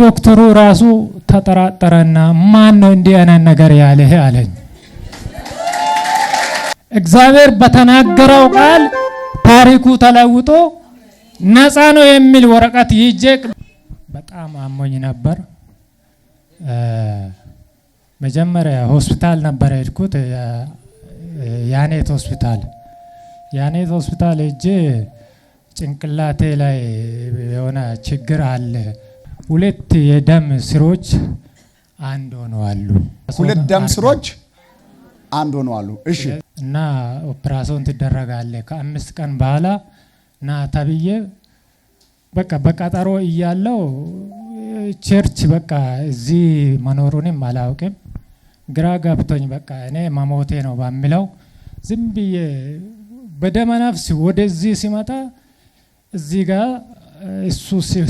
ዶክተሩ ራሱ ተጠራጠረና ማን ነው እንዲህ አይነት ነገር ያለህ አለኝ። እግዚአብሔር በተናገረው ቃል ታሪኩ ተለውጦ ነፃ ነው የሚል ወረቀት ይዤ በጣም አሞኝ ነበር። መጀመሪያ ሆስፒታል ነበር ሄድኩት፣ ያኔት ሆስፒታል። ያኔት ሆስፒታል ሄጄ ጭንቅላቴ ላይ የሆነ ችግር አለ ሁለት የደም ስሮች አንድ ሆነው አሉ። ሁለት ደም ስሮች አንድ ሆነው እሺ እና ኦፕራሲዮን ትደረጋለ። ከአምስት ቀን በኋላ ና ተብዬ በቃ በቀጠሮ እያለው ቸርች በቃ እዚህ መኖሩንም አላውቅም። ግራ ገብቶኝ በቃ እኔ መሞቴ ነው በሚለው ዝም ብዬ በደመ ወደዚህ ሲመጣ እዚህ ጋር እሱ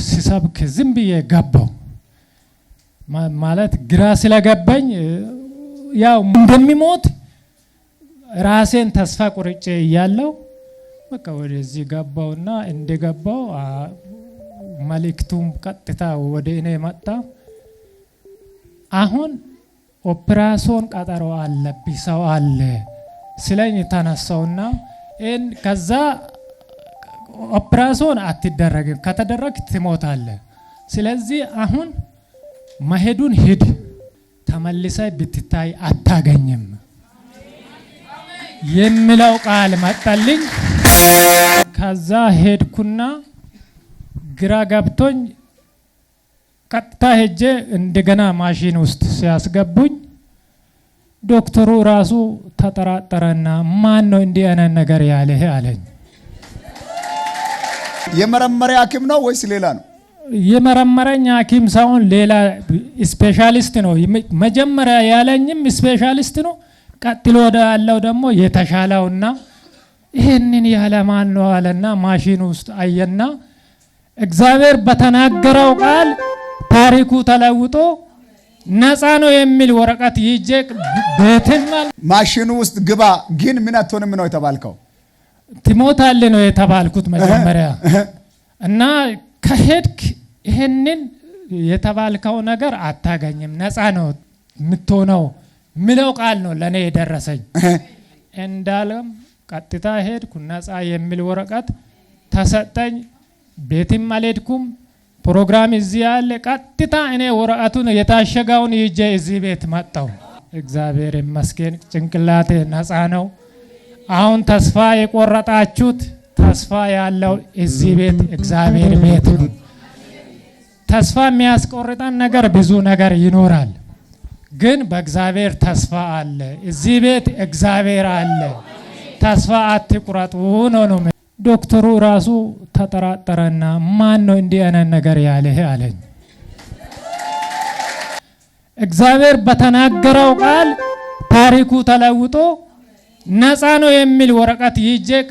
ሲሰብክ ዝም ብዬ ገባው ማለት ግራ ስለገባኝ ያው እንደሚሞት ራሴን ተስፋ ቁርጬ እያለው በቃ ወደዚህ ገባውና እንደገባው መልእክቱም ቀጥታ ወደ እኔ መጣ። አሁን ኦፕራሶን ቀጠሮ አለብኝ ሰው አለ ስለኝ ተነሳውና ከዛ ኦፕራሶን አትደረግም፣ ከተደረግ ትሞታለ። ስለዚህ አሁን መሄዱን ሂድ፣ ተመልሰ ብትታይ አታገኝም የሚለው ቃል መጣልኝ። ከዛ ሄድኩና ግራ ገብቶኝ ቀጥታ ሄጄ እንደገና ማሽን ውስጥ ሲያስገቡኝ ዶክተሩ ራሱ ተጠራጠረና ማን ነው እንዲህ አይነት ነገር ያለህ አለኝ። የመረመሪያ ሐኪም ነው ወይስ ሌላ ነው? የመረመረኝ ሐኪም ሳይሆን ሌላ ስፔሻሊስት ነው። መጀመሪያ ያለኝም ስፔሻሊስት ነው። ቀጥሎ ወደ ያለው ደግሞ የተሻለውና ይህንን ያለ ማን ነው አለና ማሽን ውስጥ አየና እግዚአብሔር በተናገረው ቃል ታሪኩ ተለውጦ ነፃ ነው የሚል ወረቀት ይዤ ቤትን ማሽኑ ውስጥ ግባ ግን ምን አትሆንም ነው የተባልከው? ትሞታለህ ነው የተባልኩት መጀመሪያ እና ከሄድክ ይሄንን የተባልከው ነገር አታገኝም፣ ነፃ ነው የምትሆነው ምለው ቃል ነው ለእኔ የደረሰኝ። እንዳለም ቀጥታ ሄድኩ። ነፃ የሚል ወረቀት ተሰጠኝ። ቤትም አልሄድኩም። ፕሮግራም እዚህ ያለ ቀጥታ እኔ ወረቀቱን የታሸገውን ይጄ እዚህ ቤት መጣሁ። እግዚአብሔር ይመስገን ጭንቅላቴ ነፃ ነው። አሁን ተስፋ የቆረጣችሁት ተስፋ ያለው እዚህ ቤት እግዚአብሔር ቤት ነው። ተስፋ የሚያስቆርጠን ነገር ብዙ ነገር ይኖራል፣ ግን በእግዚአብሔር ተስፋ አለ። እዚህ ቤት እግዚአብሔር አለ። ተስፋ አትቁረጡ ነው ነው። ዶክተሩ ራሱ ተጠራጠረና ማን ነው እንዲህ አይነት ነገር ያለህ አለኝ። እግዚአብሔር በተናገረው ቃል ታሪኩ ተለውጦ ነፃ ነው የሚል ወረቀት ይዤ